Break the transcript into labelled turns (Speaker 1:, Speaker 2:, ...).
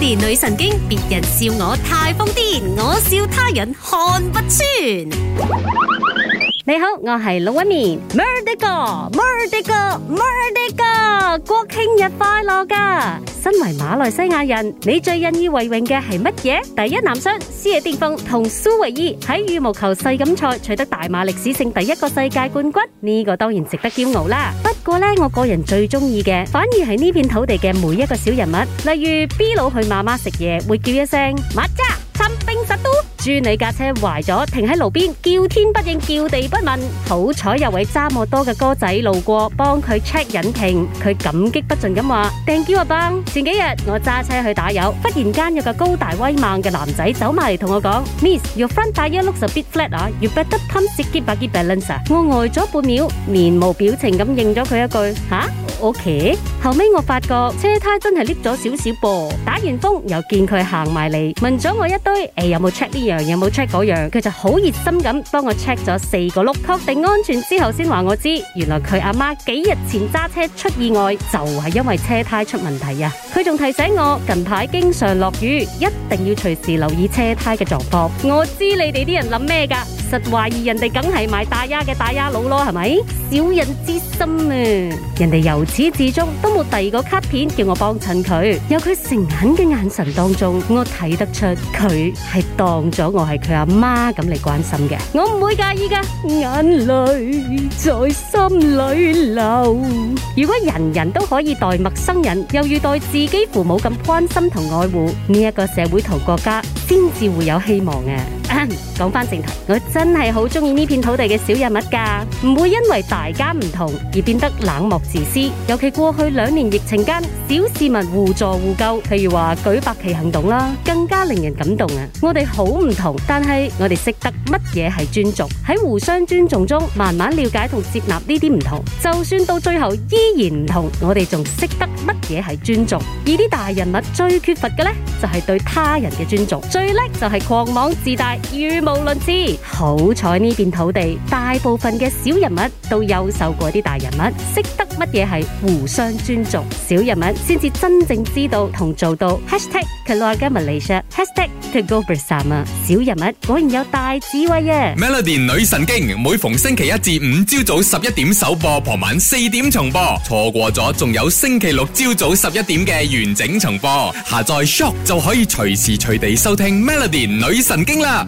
Speaker 1: 年女神經，別人笑我太瘋癲，我笑他人看不穿。你好，我係老一面。Merdeka！Merdeka！Merdeka！國慶日快樂噶、啊！身為馬來西亞人，你最引以為榮嘅係乜嘢？第一男雙，施雅定峰同蘇維伊喺羽毛球世錦賽取得大馬歷史性第一個世界冠軍，呢、這個當然值得驕傲啦！個咧，我個人最鍾意嘅，反而係呢片土地嘅每一個小人物，例如 B 佬去媽媽食嘢，會叫一聲媽，啫，參兵。豬女架車壞咗，停喺路邊，叫天不應叫地不問，好彩有位揸摩多嘅哥仔路過，幫佢 check 引擎，佢感激不盡咁話，thank you 啊 bang 前幾日我揸車去打油，忽然間有個高大威猛嘅男仔走埋嚟同我講，miss your front tyre looks a bit flat 啊，you better come 直接把佢 balance 我呆咗半秒，面無表情咁應咗佢一句，吓、ah？O、okay? K，後尾我發覺車胎真係裂咗少少噃，打完風又見佢行埋嚟，問咗我一堆，誒有冇 check 呢樣，有冇 check 嗰樣，佢、那個、就好熱心咁幫我 check 咗四個轆，確定安全之後先話我知，原來佢阿媽幾日前揸車出意外，就係、是、因為車胎出問題啊！佢仲提醒我近排經常落雨，一定要隨時留意車胎嘅狀況。我知你哋啲人諗咩㗎？實懷疑人哋梗係賣大丫嘅大丫佬咯，係咪？小人之心啊！人哋由始至終都冇第二個卡片叫我幫襯佢，由佢誠懇嘅眼神當中，我睇得出佢係當咗我係佢阿媽咁嚟關心嘅。我唔會介意噶。眼淚在心裏流。如果人人都可以待陌生人，又如待自己父母咁關心同愛護，呢、這、一個社會同國家先至會有希望啊！哼，講返正題，我真係好中意呢片土地嘅小人物㗎，唔會因為大家唔同而變得冷漠自私，尤其過去兩年疫情間。小市民互助互救，譬如話舉白旗行動啦，更加令人感動啊！我哋好唔同，但係我哋識得乜嘢係尊重。喺互相尊重中，慢慢了解同接納呢啲唔同，就算到最後依然唔同，我哋仲識得乜嘢係尊重。而啲大人物最缺乏嘅呢，就係對他人嘅尊重，最叻就係狂妄自大、語無倫次。好彩呢片土地，大部分嘅小人物都優秀過啲大人物，識得乜嘢係互相尊重，小人物。先至真正知道同做到。Hashtag Keluarga Malaysia。Hashtag 佢高比薩嘛，小人物果然有大智慧耶。Melody 女神經每逢星期一至五朝早十一點首播，傍晚四點重播。錯過咗仲有星期六朝早十一點嘅完整重播。下載 SYOK 就可以隨時隨地收聽 Melody 女神經啦。